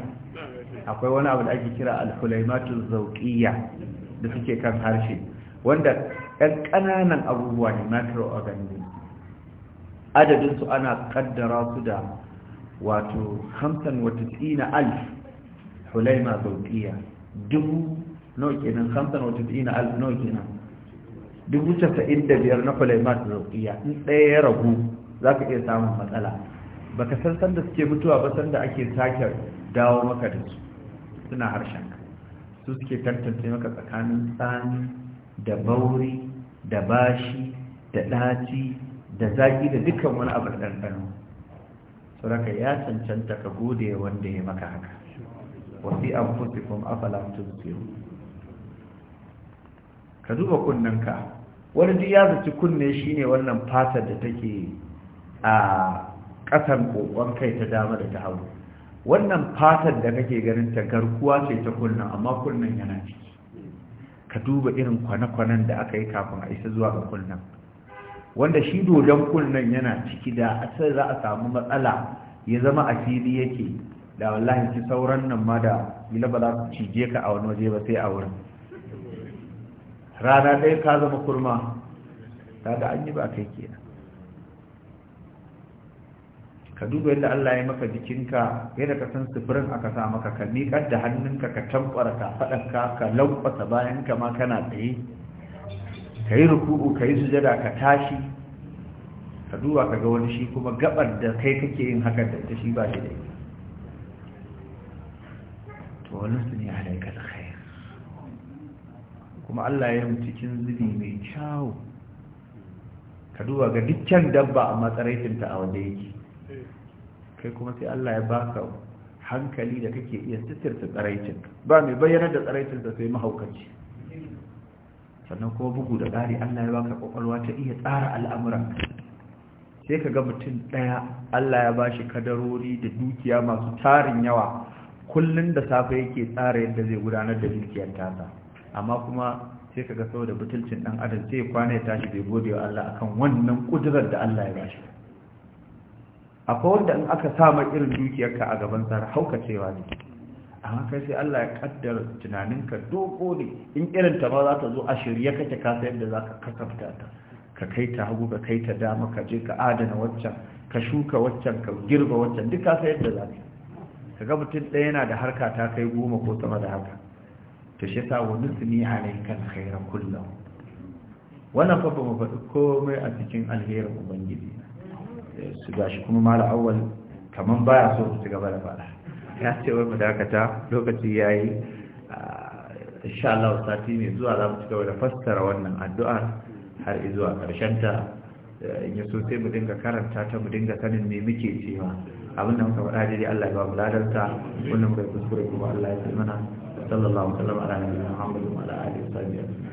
Speaker 1: akwai wani abu da ake kira alhulaimatul zauƙiyya da suke kan harshe wanda ɗan ƙananan abubuwa ne microorganism adadinsu ana ƙaddara su da wato hamsan wata tsina alf hulaima zauƙiya dubu nawa kenan hamsan wata tsina alf nawa kenan dubu casa'in da biyar na hulaima zauƙiya in ɗaya ya ragu za ka iya samun matsala baka san sanda suke mutuwa ba sanda ake sake dawo maka da su suna harshen ka su suke tantance maka tsakanin tsani da bauri da bashi da ɗaci da zaƙi da dukkan wani abu da ɗanɗano raka ya cancanta ka gode wanda ya maka haka Wasu an fusi kuma afala ka duba kunnen ka. wani duk ya zaci kunne shine wannan fatar da take a ƙasan ƙoƙon kai ta dama da ta hauru wannan fatar da kake ganin ta garkuwa ce ta kunnan amma kunnan yana ciki ka duba irin kwane-kwanen da aka yi kafin a isa zuwa ga kunnan wanda shi dodon kunnan yana ciki da a sai za a samu matsala ya zama a fili yake da wallahi ci sauran nan ma da ila ba za ku cije ka a wani waje ba sai a wurin rana ɗaya ka zama kurma ta da an yi ba kai kenan ka duba yadda Allah ya maka jikinka yadda ka san sufurin aka sa maka ka miƙar da hannunka ka tamfara ka faɗanka ka lankwasa bayan ka ma kana tsaye ka yi ruku'u ka yi sujada ka tashi ka duba ka ga wani shi kuma gabar da kai kake yin haka da ita shi ba shi da ita to wani su ne alaika alkhair kuma Allah ya yi cikin zubi mai kyawu ka duba ga dukkan dabba a matsaraitinta a wanda yake kai kuma sai Allah ya baka hankali da kake iya sitirta tsaraicin ba mai bayyana da tsaraicin da sai mahaukaci sannan kuma bugu da ƙari Allah ya baka kwakwalwa ta iya tsara al'amuran sai ka ga mutum ɗaya Allah ya bashi kadarori da dukiya masu tarin yawa kullum da safe yake tsara yadda zai gudanar da dukiyar tasa amma kuma sai ka ga saboda butulcin ɗan adam sai kwana ya tashi bai gode wa Allah akan wannan kudurar da Allah ya bashi akwai wanda in aka sa irin dukiyarka a gaban hauka cewa ne amma kai sai Allah ya kaddar tunaninka doko ne in irin ta ba za ta zo a shirya kake kasa yadda za ka kasafta ta ka kai ta hagu ka kai ta dama ka je ka adana waccan ka shuka waccan ka girba waccan duk yadda za ka Ka ga mutum ɗaya yana da harka ta kai goma ko sama da haka Ta shi yasa wa nusni a alkhayra kan wannan kullum wannan fafa faɗi komai a cikin alherin ubangiji su gashi kuma mara awal kamar baya so su gaba da fada ya ce wai mu dakata lokaci yi insha Allah sati ne zuwa za mu ci gaba da fassara wannan addu'a har zuwa karshen ta in yi so sai mu dinga karanta ta mu dinga sanin me muke cewa abin da muka faɗa daidai Allah ya ba mu ladarta wannan bai kuskure kuma Allah ya tsaye mana sallallahu alaihi wa sallam ala nabiyina Muhammadu wa ala alihi wa sahbihi